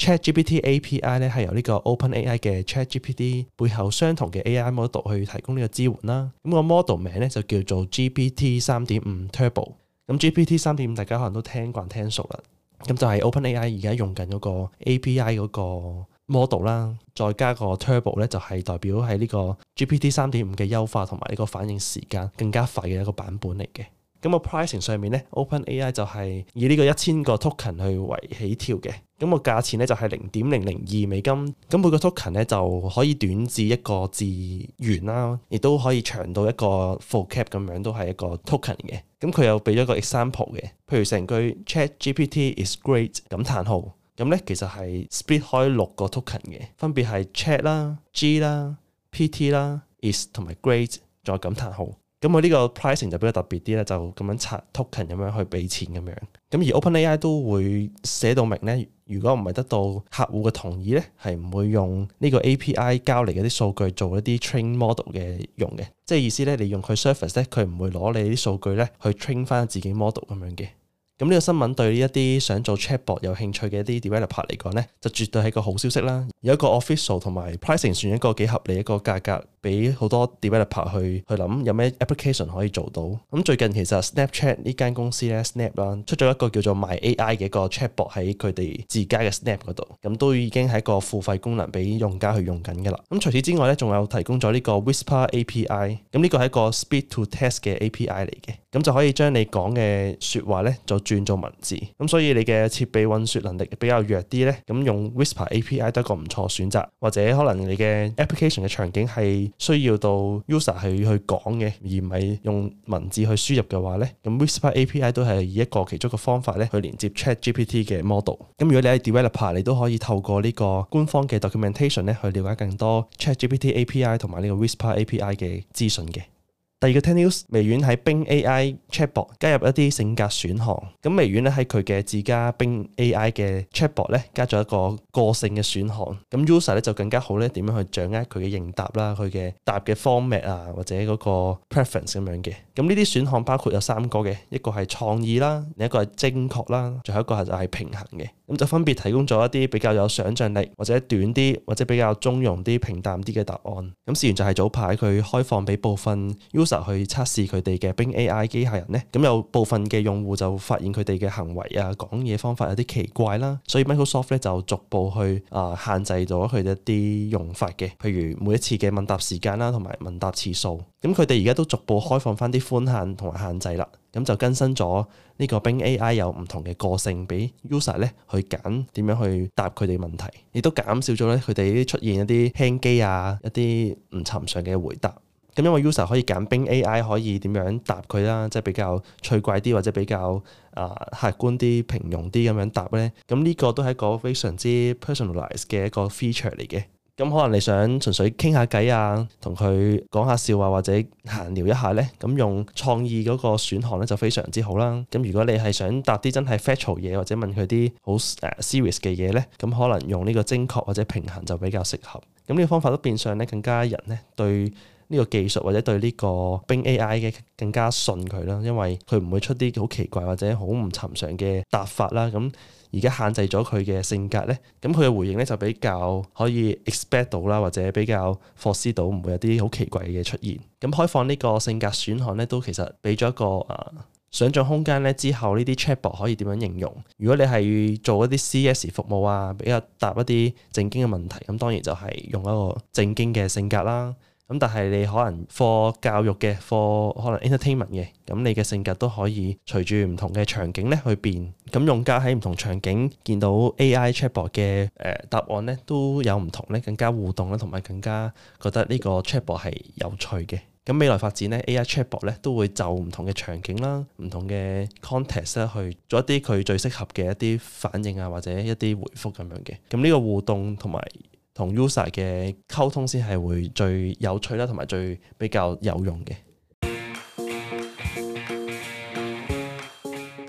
ChatGPT API 咧係由呢個 OpenAI 嘅 ChatGPT 背後相同嘅 AI Model 去提供呢個支援啦。咁個 model 名咧就叫做 GPT 三點五 Turbo。咁 GPT 三點五大家可能都聽慣聽熟啦。咁就係 OpenAI 而家用緊嗰個 API 嗰個 model 啦，再加個 Turbo 咧就係代表係呢個 GPT 三點五嘅優化同埋呢個反應時間更加快嘅一個版本嚟嘅。咁個 pricing 上面咧，OpenAI 就係以呢個一千個 token 去為起跳嘅，咁、那個價錢咧就係零點零零二美金，咁、那、每個 token 咧就可以短至一個字元啦，亦都可以長到一個 full cap 咁樣都係一個 token 嘅。咁佢又俾咗個 example 嘅，譬如成句 ChatGPT is great，感嘆號，咁咧其實係 split 開六個 token 嘅，分別係 Chat 啦、G 啦、PT 啦、is 同埋 great 再感嘆號。咁佢呢個 pricing 就比較特別啲咧，就咁樣拆 token 咁樣去俾錢咁樣。咁而 OpenAI 都會寫到明咧，如果唔係得到客戶嘅同意咧，係唔會用呢個 API 交嚟嗰啲數據做一啲 train model 嘅用嘅。即係意思咧，你用佢 service 咧，佢唔會攞你啲數據咧去 train 翻自己 model 咁樣嘅。咁呢個新聞對於一啲想做 Chatbot 有興趣嘅一啲 developer 嚟講呢就絕對係個好消息啦！有一個 official 同埋 pricing 算一個幾合理一個價格，俾好多 developer 去去諗有咩 application 可以做到。咁最近其實 Snapchat 呢間公司呢 Snap 啦，出咗一個叫做 My AI 嘅一個 Chatbot 喺佢哋自家嘅 Snap 嗰度，咁都已經係一個付費功能俾用家去用緊嘅啦。咁除此之外呢，仲有提供咗呢個 Whisper API，咁呢個係一個 Speech to Text 嘅 API 嚟嘅，咁就可以將你講嘅説話呢就轉做文字，咁所以你嘅設備運算能力比較弱啲咧，咁用 Whisper API 都係一個唔錯選擇。或者可能你嘅 application 嘅場景係需要到 user 去去講嘅，而唔係用文字去輸入嘅話咧，咁 Whisper API 都係以一個其中嘅方法咧去連接 ChatGPT 嘅 model。咁如果你係 developer，你都可以透過呢個官方嘅 documentation 咧去了解更多 ChatGPT API 同埋呢個 Whisper API 嘅資訊嘅。第二個 TenNews，微軟喺 Bing AI Chatbot 加入一啲性格選項。咁微軟咧喺佢嘅自家 Bing AI 嘅 Chatbot 咧加咗一個個性嘅選項，咁 user 咧就更加好咧點樣去掌握佢嘅應答啦，佢嘅答嘅 format 啊或者嗰個 preference 咁樣嘅，咁呢啲選項包括有三個嘅，一個係創意啦，另一個係精確啦，最後一個係就係平衡嘅，咁就分別提供咗一啲比較有想象力，或者短啲或者比較中庸啲平淡啲嘅答案，咁事完就係早排佢開放俾部分 user。就去測試佢哋嘅 Bing AI 機械人呢，咁有部分嘅用戶就發現佢哋嘅行為啊、講嘢方法有啲奇怪啦，所以 Microsoft 咧就逐步去啊、呃、限制咗佢哋一啲用法嘅，譬如每一次嘅問答時間啦，同埋問答次數。咁佢哋而家都逐步開放翻啲寬限同埋限制啦，咁就更新咗呢個 Bing AI 有唔同嘅個性俾 user 咧去揀點樣去答佢哋問題，亦都減少咗咧佢哋出現一啲輕機啊一啲唔尋常嘅回答。咁因為 user 可以揀 Bing AI 可以點樣答佢啦，即係比較趣怪啲或者比較啊客觀啲平庸啲咁樣答咧。咁、這、呢個都係一個非常之 personalized 嘅一個 feature 嚟嘅。咁可能你想純粹傾下偈啊，同佢講下笑話啊，或者閒聊一下咧，咁用創意嗰個選項咧就非常之好啦。咁如果你係想答啲真係 factual 嘢或者問佢啲好 serious 嘅嘢咧，咁可能用呢個精確或者平衡就比較適合。咁、這、呢個方法都變相咧更加人咧對。呢個技術或者對呢個 Bing AI 嘅更加信佢啦，因為佢唔會出啲好奇怪或者好唔尋常嘅答法啦。咁而家限制咗佢嘅性格咧，咁佢嘅回應咧就比較可以 expect 到啦，或者比較 force 到，唔會有啲好奇怪嘅出現。咁開放呢個性格選項咧，都其實俾咗一個啊、呃、想像空間咧。之後呢啲 chatbot 可以點樣形容？如果你係做一啲 CS 服務啊，比較答一啲正經嘅問題，咁當然就係用一個正經嘅性格啦。咁但係你可能課教育嘅課，課可能 entertainment 嘅，咁你嘅性格都可以隨住唔同嘅場景咧去變。咁用家喺唔同場景見到 AI chatbot 嘅誒、呃、答案咧都有唔同咧，更加互動啦，同埋更加覺得呢個 chatbot 係有趣嘅。咁未來發展咧，AI chatbot 咧都會就唔同嘅場景啦、唔同嘅 context 去做一啲佢最適合嘅一啲反應啊，或者一啲回覆咁樣嘅。咁呢個互動同埋。同 user 嘅溝通先係會最有趣啦，同埋最比較有用嘅。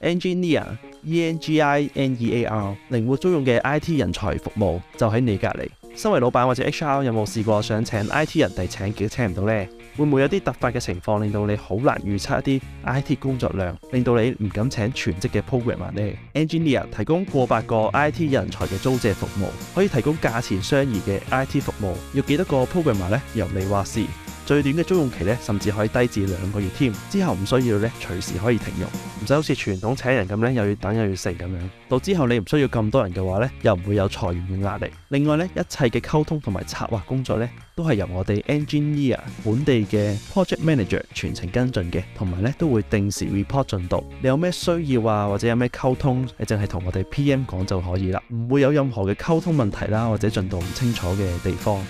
Enginear，E-N-G-I-N-E-A-R，靈活租用嘅 IT 人才服務就喺你隔離。身為老闆或者 HR，有冇試過想請 IT 人哋請幾都請唔到呢？會唔會有啲突發嘅情況，令到你好難預測一啲 IT 工作量，令到你唔敢請全職嘅 programmer 呢？Enginear 提供過百個 IT 人才嘅租借服務，可以提供價錢相宜嘅 IT 服務，要幾多個 programmer 呢？由你話事。最短嘅租用期咧，甚至可以低至兩個月添。之後唔需要咧，隨時可以停用，唔使好似傳統請人咁咧，又要等又要食咁樣。到之後你唔需要咁多人嘅話咧，又唔會有裁員嘅壓力。另外咧，一切嘅溝通同埋策劃工作咧，都係由我哋 Enginear 本地嘅 project manager 全程跟進嘅，同埋咧都會定時 report 進度。你有咩需要啊，或者有咩溝通，你淨係同我哋 PM 講就可以啦，唔會有任何嘅溝通問題啦，或者進度唔清楚嘅地方。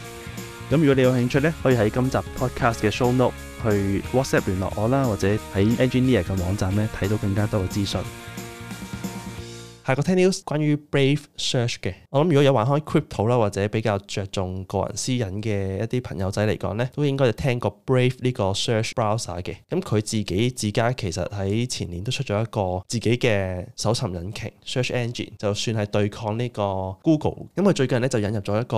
咁如果你有興趣呢，可以喺今集 podcast 嘅 show note 去 WhatsApp 聯絡我啦，或者喺 Enginear 嘅網站呢睇到更加多嘅資訊。下個 tech news 關於 Brave Search 嘅，我諗如果有玩開 crypto 啦，或者比較着重個人私隱嘅一啲朋友仔嚟講咧，都應該就聽過 Brave 呢個 search browser 嘅。咁佢自己自家其實喺前年都出咗一個自己嘅搜尋引擎 search engine，就算係對抗呢個 Google，咁佢最近咧就引入咗一個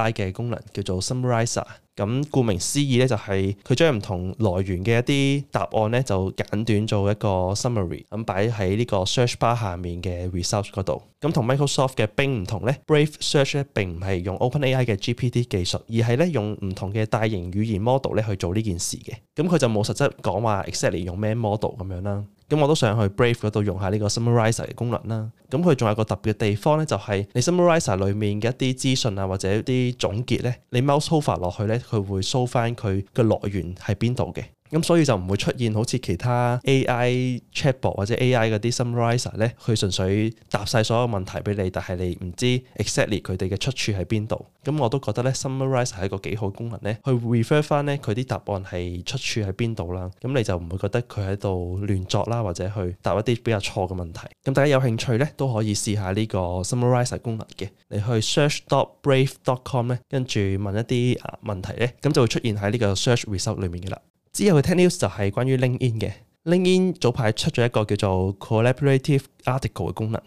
AI 嘅功能叫做 Summarizer。咁顧名思義咧，就係佢將唔同來源嘅一啲答案咧，就簡短做一個 summary，咁擺喺呢個 search bar 下面嘅 results 嗰度。咁 Mic 同 Microsoft 嘅 Bing 唔同咧，Brave Search 咧並唔係用 OpenAI 嘅 GPT 技術，而係咧用唔同嘅大型語言 model 咧去做呢件事嘅。咁佢就冇實質講話 exactly 用咩 model 咁樣啦。咁我都想去 Brave 嗰度用下呢個 summarizer 嘅功能啦。咁佢仲有個特別嘅地方咧，就係你 summarizer 裏面嘅一啲資訊啊，或者一啲總結咧，你 mouse over 落去咧，佢會 show 翻佢嘅來源喺邊度嘅。咁所以就唔會出現好似其他 AI chatbot 或者 AI 嗰啲 summarizer 咧，佢純粹答晒所有問題俾你，但係你唔知 exactly 佢哋嘅出處喺邊度。咁我都覺得咧 summarizer 係一個幾好功能咧，去 refer 翻咧佢啲答案係出處喺邊度啦。咁你就唔會覺得佢喺度亂作啦，或者去答一啲比較錯嘅問題。咁大家有興趣咧都可以試下呢個 summarizer 功能嘅，你去 search dot brave dot com 咧，跟住問一啲問題咧，咁就會出現喺呢個 search result 裡面嘅啦。之後嘅 tech news 就係關於 LinkedIn 嘅，LinkedIn 早排出咗一個叫做 Collaborative Article 嘅功能，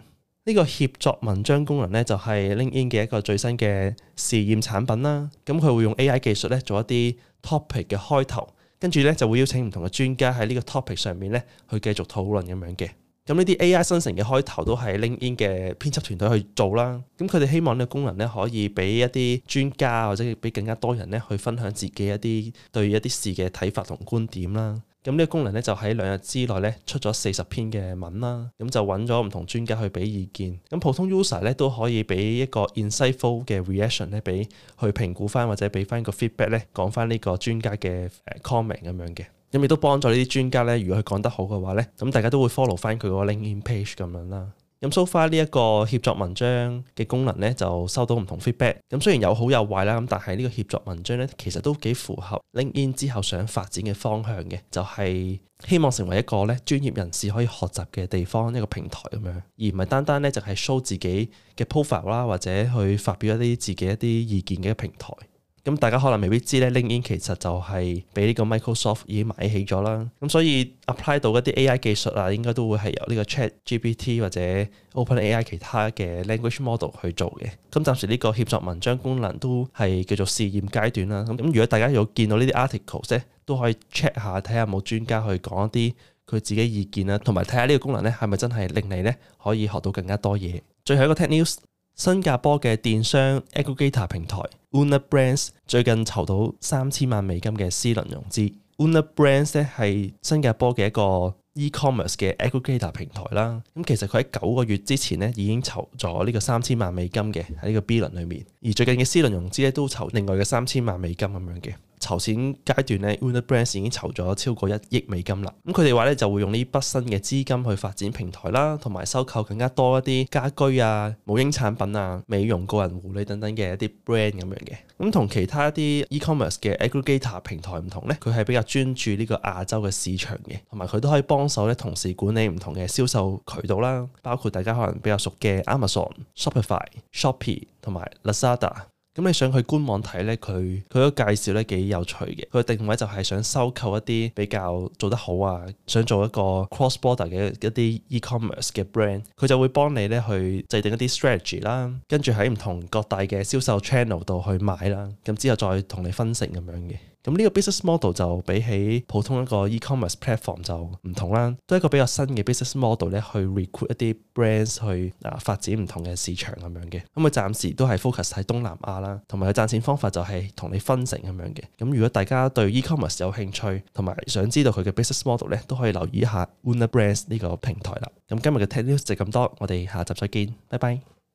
呢個協作文章功能咧就係 LinkedIn 嘅一個最新嘅試驗產品啦。咁佢會用 AI 技術咧做一啲 topic 嘅開頭，跟住咧就會邀請唔同嘅專家喺呢個 topic 上面咧去繼續討論咁樣嘅。咁呢啲 AI 生成嘅開頭都係 LinkedIn 嘅編輯團隊去做啦。咁佢哋希望呢個功能咧可以俾一啲專家或者俾更加多人咧去分享自己一啲對一啲事嘅睇法同觀點啦。咁呢個功能咧就喺兩日之內咧出咗四十篇嘅文啦。咁就揾咗唔同專家去俾意見。咁普通 user 咧都可以俾一個 insightful 嘅 reaction 咧俾去評估翻或者俾翻一個 feedback 咧講翻呢個專家嘅 comment 咁樣嘅。咁亦都幫助呢啲專家咧，如果佢講得好嘅話咧，咁大家都會 follow 翻佢個 LinkedIn page 咁樣啦。咁 so far 呢一個協作文章嘅功能咧，就收到唔同 feedback。咁雖然有好有壞啦，咁但係呢個協作文章咧，其實都幾符合 LinkedIn 之後想發展嘅方向嘅，就係、是、希望成為一個咧專業人士可以學習嘅地方，一個平台咁樣，而唔係單單咧就係 show 自己嘅 profile 啦，或者去發表一啲自己一啲意見嘅平台。咁大家可能未必知咧 LinkedIn 其實就係俾呢個 Microsoft 已經買起咗啦。咁所以 apply 到一啲 AI 技術啊，應該都會係由呢個 ChatGPT 或者 OpenAI 其他嘅 language model 去做嘅。咁暫時呢個協作文章功能都係叫做試驗階段啦。咁咁如果大家有見到呢啲 articles 咧，都可以 check 下睇下有冇專家去講一啲佢自己意見啦，同埋睇下呢個功能咧係咪真係令你咧可以學到更加多嘢。最後一個 tech news。新加坡嘅電商 aggregator 平台 Una Brands 最近籌到三千萬美金嘅 C 輪融資。Una Brands 咧係新加坡嘅一個 e-commerce 嘅 aggregator 平台啦。咁其實佢喺九個月之前咧已經籌咗呢個三千萬美金嘅喺呢個 B 輪裏面，而最近嘅 C 輪融資咧都籌另外嘅三千萬美金咁樣嘅。籌錢階段咧，Una Brands 已經籌咗超過一億美金啦。咁佢哋話咧就會用呢筆新嘅資金去發展平台啦，同埋收購更加多一啲家居啊、母嬰產品啊、美容個人護理等等嘅一啲 brand 咁樣嘅。咁同其他一啲 e-commerce 嘅 aggregator 平台唔同咧，佢係比較專注呢個亞洲嘅市場嘅，同埋佢都可以幫手咧，同時管理唔同嘅銷售渠道啦，包括大家可能比較熟嘅 Amazon、Shopify、Shopee 同埋 Lazada。咁你想去官網睇咧，佢佢個介紹咧幾有趣嘅。佢定位就係想收購一啲比較做得好啊，想做一個 cross-border 嘅一啲 e-commerce 嘅 brand，佢就會幫你咧去制定一啲 strategy 啦，跟住喺唔同各大嘅銷售 channel 度去買啦，咁之後再同你分成咁樣嘅。咁呢個 business model 就比起普通一個 e-commerce platform 就唔同啦，都係一個比較新嘅 business model 咧，去 recruit 一啲 brands 去啊發展唔同嘅市場咁樣嘅。咁佢暫時都係 focus 喺東南亞啦，同埋佢賺錢方法就係同你分成咁樣嘅。咁如果大家對 e-commerce 有興趣，同埋想知道佢嘅 business model 咧，都可以留意一下 Una Brands 呢個平台啦。咁今日嘅 Tech News 就咁多，我哋下集再見，拜拜。